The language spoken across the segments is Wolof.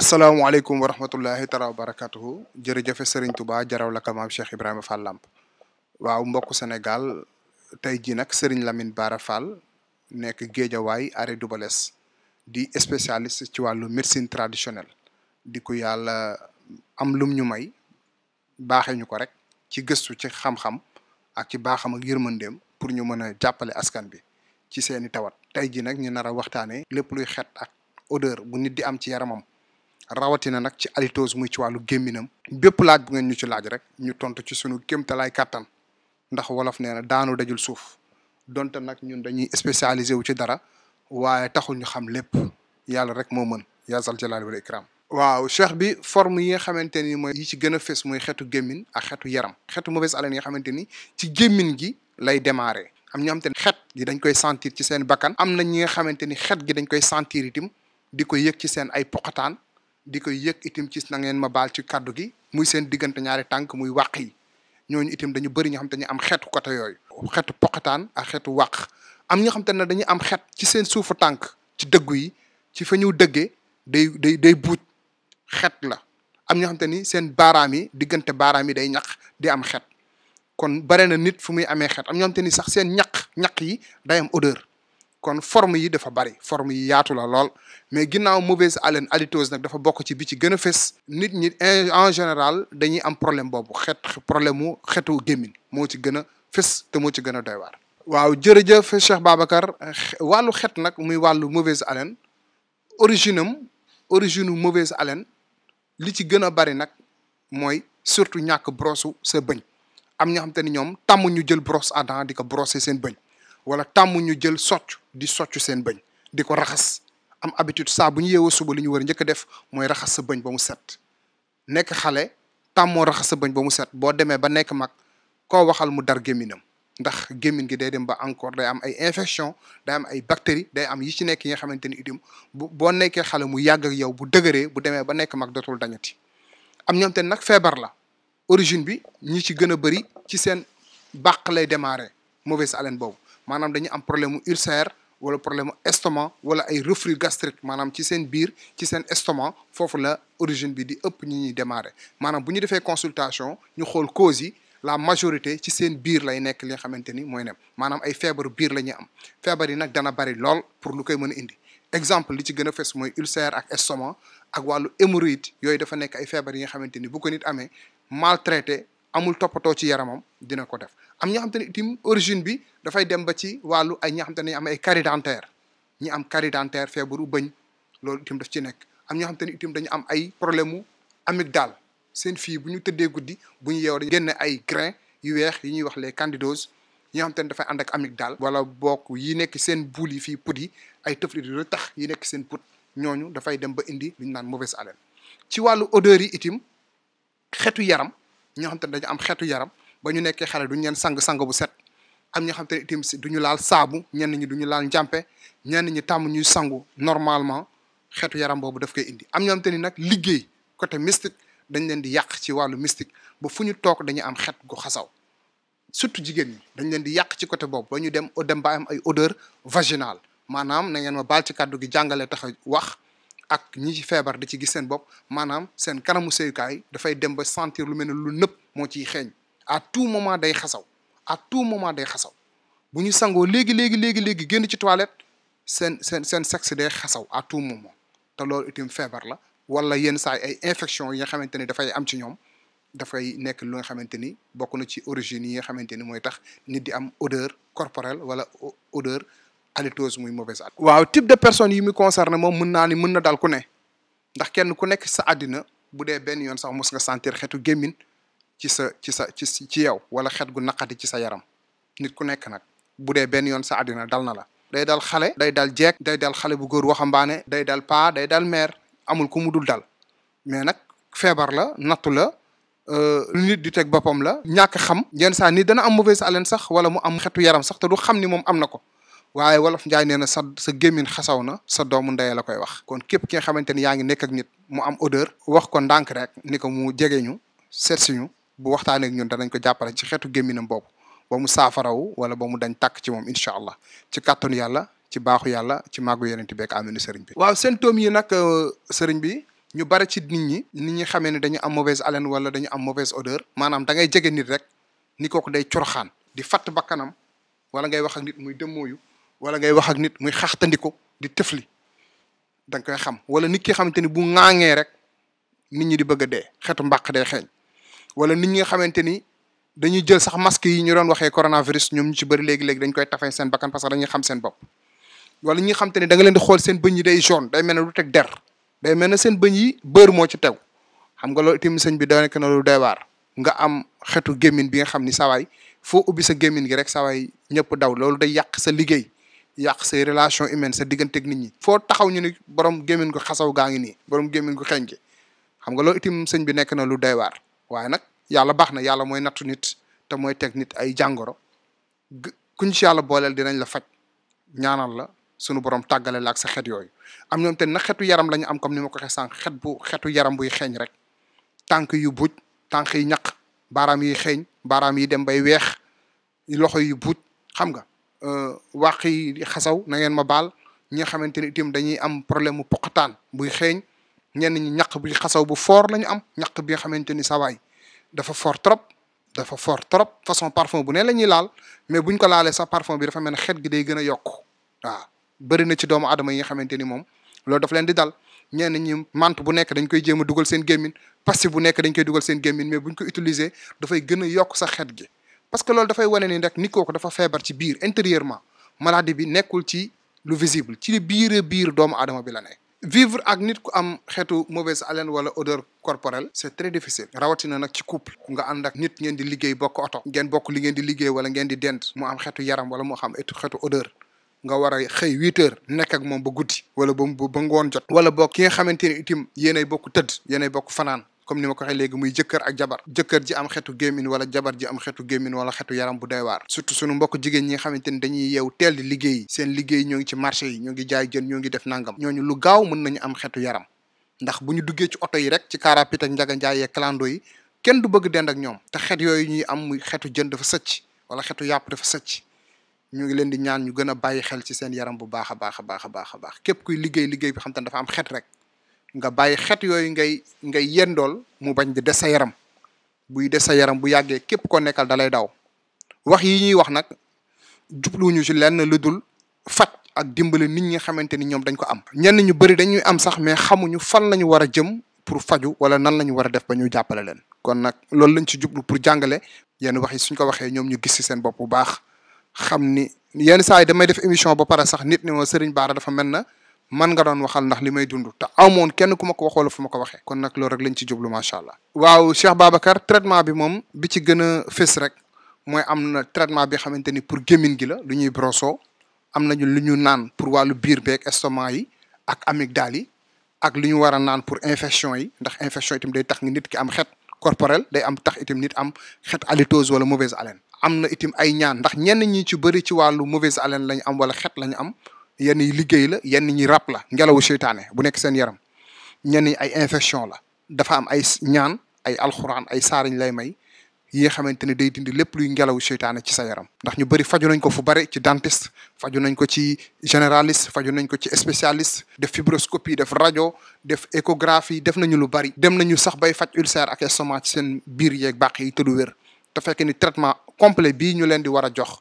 asalaamaaleykum wa rahmatullahi taala barakatu barakatuhu jërëjëfe Serigne Touba jaraw la kamaam Cheikh Ibrahima Fall Lamp waaw mbokku Sénégal tey jii nag Serigne Lamine Bara Fall nekk Géejawaay arrêt Dubales di spécialiste ci wàllu médecine traditionnelle di ko yàlla am lum ñu may baaxee ñu ko rek ci gëstu ci xam-xam ak ci baaxam ak yërmandeem pour ñu mën a jàppale askan bi ci seeni tawat tey jii nag ñu nar a waxtaanee lépp luy xet ak odeur bu nit di am ci yaramam rawatina nak ci alitose muy ci walu geminam bépp laaj bu ngeen ñu ci laaj rek ñu tontu ci sunu kéemtalaay katan ndax wolof neena daanu dajul suuf donte nak ñun dañuy spécialisé wu ci dara waaye taxul ñu xam lépp yàlla rek moo mën yaa zal jalaali wal ikram waaw cheikh bi forme yi nga xamante ni mooy yi ci gën a fës mooy xeetu gémmin ak xetu yaram xetu mauvaise haleine yi nga xamante ni ci gémmin gi lay démarré am ñoo xamante ni xet gi dañ koy sentir ci seen bakkan am na ñi nga xamante ni xet gi dañ koy sentir itim di ko yëg ci seen ay poqataan di koy yëg itim ci na ngeen ma baal ci kaddu gi muy seen diggante ñaari tànk muy wàq yi ñooñu itam dañu bëri ñoo xam te am xeetu côté yooyu xeetu poqataan ak xeetu wàq am ñoo xam te ne dañuy am xeet ci seen suufu tànk ci dëggu yi ci fa ñu day day day buuj xeet la am ñoo xam te ni seen baaraam yi diggante baaraam yi day ñaq di am xeet kon bare na nit fu muy amee xeet am ñoo xam te ni sax seen ñaq ñaq yi day am odeur kon forme yi dafa bari forme yi yaatu la lool mais ginnaaw mauvaise haleine halitose nag dafa bokk ci bi ci gën a fës nit ñi en général dañuy am problème boobu xet problème mu xetu gémmiñ moo ci gën a fës te moo ci gën a doy waar waaw jërëjëf Cheikh Babacar wàllu xet nag muy wàllu mauvaise haleine origine am origine mauvaise haleine li ci gën a bari nag mooy surtout ñàkk brosu sa bëñ am ñoo xam te ni ñoom tàmm ñu jël brosse à dents di ko brosser seen bëñ wala tàmm ñu jël socc di soccu sen bëñ di ko raxas am habitude sa bu ñu yeewoo suba li ñu war a def moy raxas sa bëñ ba mu set nek xalé tamo raxas sa bëñ ba mu set bo démé ba nek mak ko waxal mu dar gémminam ndax gémmin gi day dem ba encore day am ay infection day am ay bactéries day am yi ci nek yi nga xamanteni idim bo bu xalé mu yàgg ak yow bu dëgëré bu démé ba nek mak dotul dañati am ñoom te nag feebar la origine bi ñi ci gëna a bëri ci sen bàq lay démarrer mauvaise haleine boobu manam dañu am problème mu ulcère wala problème estomac wala ay reflux gastrique maanaam ci s'en biir ci s'en estomac faut la origine bi di ëpp ñi ñuy démarrer maanaam bu ñu consultation ñu xool causes yi la majorité ci s'en biir lay nekk li à maintenir ni mooy nem maanaam ay feebaru biir la ñuy am feebar yi nag dana bari lool pour lu koy mën indi exemple li ci gën a fes mooy ulcère ak estomac ak wàllu hémorroïde yooyu dafa nekk ay feebar yi nga xamante ni bu ko nit amee maltraité amul toppatoo ci yaramam dina ko def am ñoo xam te origine bi dafay dem ba ci wàllu ay ñi nga am ay carie dentaire ñi am carie feebaru bëñ loolu itam daf ci nekk am ñoo xam itim ne am ay problème mu daal seen fii bu ñu tëddee guddi bu ñu yeew dañu génne ay grain yu weex yi ñuy wax les candidoses yi nga dafay ànd ak daal wala bokk yi nekk seen buul yi fii put yi ay tëflit yu tax yi nekk seen put ñooñu dafay dem ba indi lu ñu naan mauvaise haleine ci wàllu odeur yi itam xetu yaram ñoo xam te dañu am xeetu yaram ba ñu nekkee xale du leen sang-sang bu set am ñoo xam ne itam duñu laal saabu ñenn ñi duñu laal njàmpe ñenn ñi tàmm sangu normalement xeetu yaram boobu daf koy indi am ñoo te ni nag liggéey côté mystique dañ leen di yàq ci wàllu mystique ba fu ñu toog dañuy am xet gu xasaw surtout jigéen ñi dañ leen di yàq ci côté boobu ñu dem dem ba ay odeur vaginale maanaam na ngeen ma baal ci kàddu gi jàngale tax a wax ak ñi ci feebar di ci gis seen bopp maanaam seen kanamu dafay dem ba sentir lu mel lu à tout moment day xasaw à tout moment day xasaw bu ñu sangoo léegi léegi léegi léegi ci toilette seen seen sexe day à tout moment te la wala yenn a ay infection yi nga xamante ni dafay am ci lu nga na ci origine nga tax odeur corporelle wala odeur halitose muy mauvaise haleine waaw type de personne yi mu concerne moom mën naa ni mën na dal ku ne ndax kenn ku nekk sa àddina bu dee benn yoon sax mos nga sentir xetu gémmin ci sa ci sa ci ci yow wala xet gu naqati ci sa yaram nit ku nekk nag bu dee benn yoon sa àddina dal na la day dal xale day dal jeeg day dal xale bu góor waxambaane day dal paa day dal mère amul ku mu dul dal mais nag feebar la nattu la lu euh, nit di teg boppam la ñàkk xam yenn saa nit dana am mauvaise haleine sax wala mu am xetu yaram sax te du xam ni moom am na ko waaye wolof njaay nee na sa sa gémmiñ xasaw na sa doomu ndey la koy wax kon képp ki nga xamante ni yaa ngi nekk ak nit mu am odeur wax ko ndànk rek ni ko mu jege ñu seet bu waxtaanee ñun danañ ko jàppale ci xeetu gémminam boobu ba mu saafarawu wala ba mu dañ tàkk ci moom incha allah ci kàttanu yàlla ci baaxu yàlla ci màggu yeneen ti bekk aminu sëriñ bi waaw symptômes yi nag euh, sëriñ bi ñu bari ci nit ñi nit ñi xamee ne dañu am mauvaise haleine wala dañu am mauvaise odeur maanaam da ngay jege nit rek ni kooku day coroxaan di fatt bakkanam wala ngay wax ak nit muy dëmmooyu wala ngay wax ak nit muy xaxtandiko di tëfli da nga koy xam wala nit ki xamante ni bu ŋaaŋee rek nit ñi di bëgg a dee xetu mbàq day xeeñ wala nit ñi nga xamante ni dañuy jël sax masque yi ñu doon waxee coronavirus ñoom ñu ci bëri léegi-léegi dañ koy tafee seen bakkan parce que dañuy xam seen bopp wala ñi nga xamante ni leen di xool seen bëñ yi day jaune day mel ne lu teg der day mel ne seen bëñ yi bër moo ci tew xam nga loolu itam sëñ bi da nekk na lu waar nga am xetu gémmin bi nga xam ni sawaay foo ubbi sa gémmin gi rek sawaay ñëpp daw loolu day yàq sa liggéey yàq say relation humaine sa teg nit ñi. foo taxaw ñu ni borom gémmiñ ko xasaw gaa ngi nii borom gémmiñ ko xenc xam nga loolu itam sëñ bi nekk na lu doy waar waaye nag yàlla baax na yàlla mooy nattu nit te mooy teg ay jàngoro kuñ ci yàlla booleel dinañ la faj ñaanal la sunu borom tàggale la ak sa xet yooyu. am ñoom te na xetu yaram la ñu am comme ni ma ko sànq xet bu xetu yaram buy xeeñ rek tànk yu buj tànk yi ñaq baaraam yi xeeñ baaraam yi dem bay weex loxo yu buj xam nga. Euh, wàq yi di xasaw na ngeen ma baal ñi nga xamante ni itam dañuy am problème mu poqataan buy xeeñ ñenn ñi ñaq bi xasaw bu fort la ñu am ñaq bi nga xamante ni sawaay dafa fort trop dafa fort trop façon parfum bu ne la ñuy laal mais buñ ko laalee sax parfum bi dafa mel ne xet gi day gën a yokk waaw bari na ci doomu aadama yi nga xamante ni moom loolu daf leen di daal ñenn ñi mante bu nekk dañ koy jéem a dugal seen gémmin pasti bu nekk dañ koy dugal seen gémmin mais buñ ko utiliser dafay gën a yokk sa gi parce que da fay wane ni rek ni kooku dafa feebar ci biir intérieurement maladie bi nekul ci lu visible ci biir biir doomu adama bi la nekk. vivre ak nit ku am xeetu mauvaise haleine wala odeur corporelle c'est très difficile rawatina nak ci couple nga ànd ak nit ngeen di liggéey bokk auto ngeen bokk li ngeen di liggéey wala ngeen di dent mu am xeetu yaram wala mu xam etu xeetu odeur nga war a xëy huit heures nekk ak moom ba guddi wala ba ba ngoon jot wala bokk ki nga xamante ni itam yéenay bokk tëdd yéenay bokk fanaan comme ni ma ko waxee léegi muy jëkkër ak jabar jëkkër ji am xetu gémmin wala jabar ji am xetu gémmin wala xetu yaram bu doy waar surtout suñu mbokk jigéen ñi nga xamante ni dañuy yeew teel di liggéey seen liggéey ñoo ngi ci marché yi ñoo ngi jaay jën ñoo ngi def nangam ñooñu lu gaaw mën nañu am xetu yaram ndax bu ñu duggee ci oto yi rek ci kaarapit ak njaga njaayee clando yi kenn du bëgg dend ak ñoom te xet yooyu ñuy am muy xetu jën dafa sëcc wala xetu yàpp dafa sëcc ñu ngi leen ñaan ñu gën a bàyyi xel ci seen yaram bu baax a baax a a baax baax képp kuy liggéey liggéey bi xam te ne am xet rek nga bàyyi xet yooyu ngay ngay yendool mu bañ di des yaram buy des sa yaram bu yàggee képp ko nekkal dalay daw wax yi ñuy wax nag jubluwuñu ci lenn lu dul faj ak dimbali nit ñu xamante ni ñoom dañ ko am ñenn ñu bari dañuy am sax mais xamuñu fan la ñu war a jëm pour faju wala nan la ñu war a def ba ñu jàppale leen kon nag loolu lañ ci jublu pour jàngale yenn wax yi suñ ko waxee ñoom ñu gis ci seen bopp bu baax xam ni yenn saa yi damay def émission ba pare sax nit ne ma Serigne Bara dafa mel na man nga don waxal ndax limay may dund te amoon kenn kuma ko wax wala fu ko waxe kon nak lool rek lañ ci ma sha allah waaw Cheikh babakar traitement bi mom bi ci gëna fess rek moy amna traitement bi xamanteni pour gemine gi la lu ñuy broso am nañu lu ñu naan pour walu bir beeg estomac yi ak amygdale ak lu ñu war naan pour infection yi ndax infection itim day tax nit ki am xet corporel day am tax itim nit am xet halitose wala mauvaise haleine amna itim ay ñaan ndax ñen ñi ci bari ci walu mauvaise haleine lañ am wala xet lañ am yenn yi liggéey la yenn ñi rab la ngelawu seytaane bu nekk seen yaram ñenn ay infection la dafa am ay ñaan ay alxuraan ay saariñ lay may yi nga xamante ne day dindi lépp luy ngelawu seytaane ci sa yaram ndax ñu bëri faju nañ ko fu bëri ci dentiste faju nañ ko ci généraliste faju nañ ko ci spécialiste def fibroscopie def rajo def échographie def nañu lu bari dem nañu sax bay faj ulcère ak estomac ci seen biir yeeg bàq yi te du wér te fekk ni traitement complet bii ñu leen di war a jox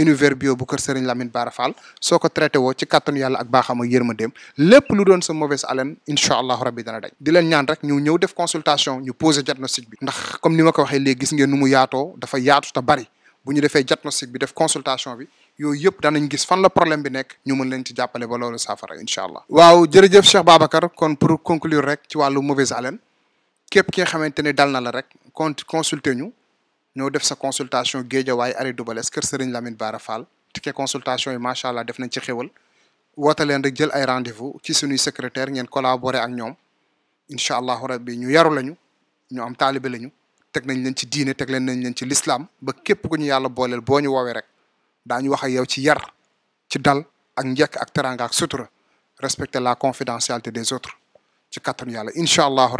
univers bio bu kër Serigne Lamine Bara Fall soo ko traité woo ci kàttanu yàlla ak baaxam ak dem lépp lu doon sa mauvaise haleine incha allahu rabbi dana dañ di leen ñaan rek ñu ñëw def consultation ñu posé diagnostic bi ndax comme ni ma ko waxee léegi gis ngeen mu yaatoo dafa yaatu te bari bu ñu defee diagnostic bi def consultation bi yooyu yëpp danañ gis fan la problème bi nekk ñu mën leen ci jàppale ba loolu saafara incha allah waaw jërëjëf Cheikh Babacar kon pour conclure rek ci wàllu mauvaise haleine képp ki nga xamante ne dal na la rek consulter ñu Nous def sa consultation consultations arrêt Dubales kër Serigne Lamine Bara Fall ticket consultation yi macha allah def nañ ci xéwal rek jël ay rendez-vous ci suñuy secrétaire ngeen collaborer ak ñoom incha Nous ñu yaru lañu ñu am taalibe lañu teg nañ leen ci diine nañ ci l'islam ba képp ku ñu yàlla booleel boo ñu rek daañu wax ak yow ci yar ci dal ak ak teranga ak sutura respecter la confidentialité des autres ci kattanu yàlla incha allahu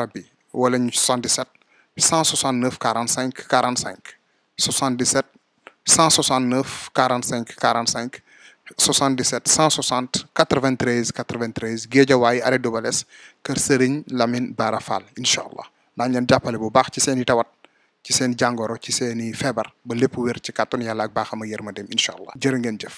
wala ñu 77 169 45 45 77 169 45 45 77 160 93 93 Guédiaway Are Dubales Kër Serigne Lamine Barafal, inshallah nañ leen bu baax ci seen tawat ci seen jangoro ci seen ba lepp ci carton yalla ak